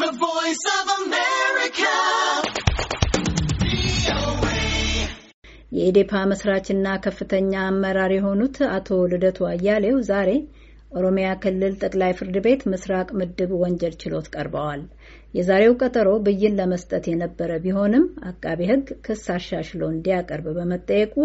The Voice of America. የኢዴፓ መስራችና ከፍተኛ አመራር የሆኑት አቶ ልደቱ አያሌው ዛሬ ኦሮሚያ ክልል ጠቅላይ ፍርድ ቤት ምስራቅ ምድብ ወንጀል ችሎት ቀርበዋል። የዛሬው ቀጠሮ ብይን ለመስጠት የነበረ ቢሆንም አቃቤ ሕግ ክስ አሻሽሎ እንዲያቀርብ በመጠየቁ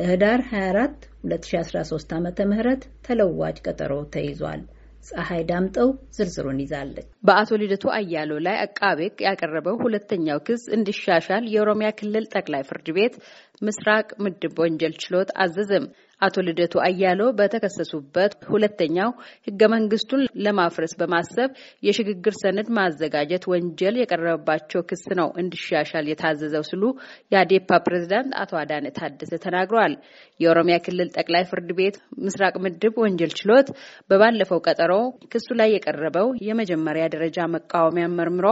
ለህዳር 24 2013 ዓ ም ተለዋጭ ቀጠሮ ተይዟል። ፀሐይ ዳምጠው ዝርዝሩን ይዛለች። በአቶ ልደቱ አያሎ ላይ አቃቤ ሕግ ያቀረበው ሁለተኛው ክስ እንዲሻሻል የኦሮሚያ ክልል ጠቅላይ ፍርድ ቤት ምስራቅ ምድብ ወንጀል ችሎት አዘዘም። አቶ ልደቱ አያሌው በተከሰሱበት ሁለተኛው ህገ መንግስቱን ለማፍረስ በማሰብ የሽግግር ሰነድ ማዘጋጀት ወንጀል የቀረበባቸው ክስ ነው እንዲሻሻል የታዘዘው ሲሉ የአዴፓ ፕሬዝዳንት አቶ አዳነ ታደሰ ተናግረዋል። የኦሮሚያ ክልል ጠቅላይ ፍርድ ቤት ምስራቅ ምድብ ወንጀል ችሎት በባለፈው ቀጠሮ ክሱ ላይ የቀረበው የመጀመሪያ ደረጃ መቃወሚያ መርምሮ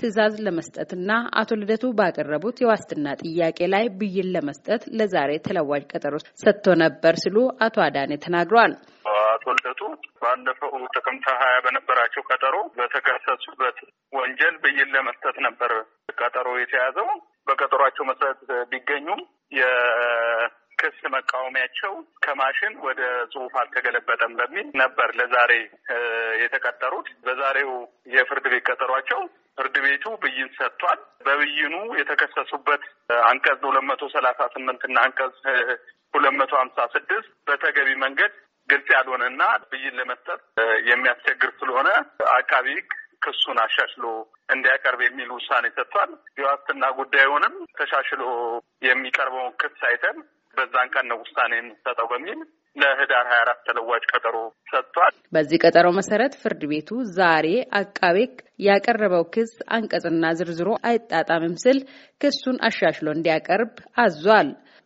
ትዕዛዝ ለመስጠትና አቶ ልደቱ ባቀረቡት የዋስትና ጥያቄ ላይ ብይን ለመስጠት ለዛሬ ተለዋጭ ቀጠሮ ሰጥቶ ነበር። ነበር ሲሉ አቶ አዳኔ ተናግረዋል። አቶ ልደቱ ባለፈው ጥቅምት ሀያ በነበራቸው ቀጠሮ በተከሰሱበት ወንጀል ብይን ለመስጠት ነበር ቀጠሮ የተያዘው። በቀጠሯቸው መሰረት ቢገኙም የክስ መቃወሚያቸው ከማሽን ወደ ጽሁፍ አልተገለበጠም በሚል ነበር ለዛሬ የተቀጠሩት። በዛሬው የፍርድ ቤት ቀጠሯቸው ፍርድ ቤቱ ብይን ሰጥቷል። በብይኑ የተከሰሱበት አንቀጽ ሁለት መቶ ሰላሳ ስምንት እና አንቀጽ ሁለት መቶ ሀምሳ ስድስት በተገቢ መንገድ ግልጽ ያልሆነና ብይን ለመስጠት የሚያስቸግር ስለሆነ አቃቢ ሕግ ክሱን አሻሽሎ እንዲያቀርብ የሚል ውሳኔ ሰጥቷል። የዋስትና ጉዳዩንም ተሻሽሎ የሚቀርበውን ክስ አይተን በዛን ቀን ነው ውሳኔ የምንሰጠው በሚል ለህዳር ሀያ አራት ተለዋጭ ቀጠሮ ሰጥቷል። በዚህ ቀጠሮ መሰረት ፍርድ ቤቱ ዛሬ አቃቤ ያቀረበው ክስ አንቀጽና ዝርዝሮ አይጣጣምም ስል ክሱን አሻሽሎ እንዲያቀርብ አዟል።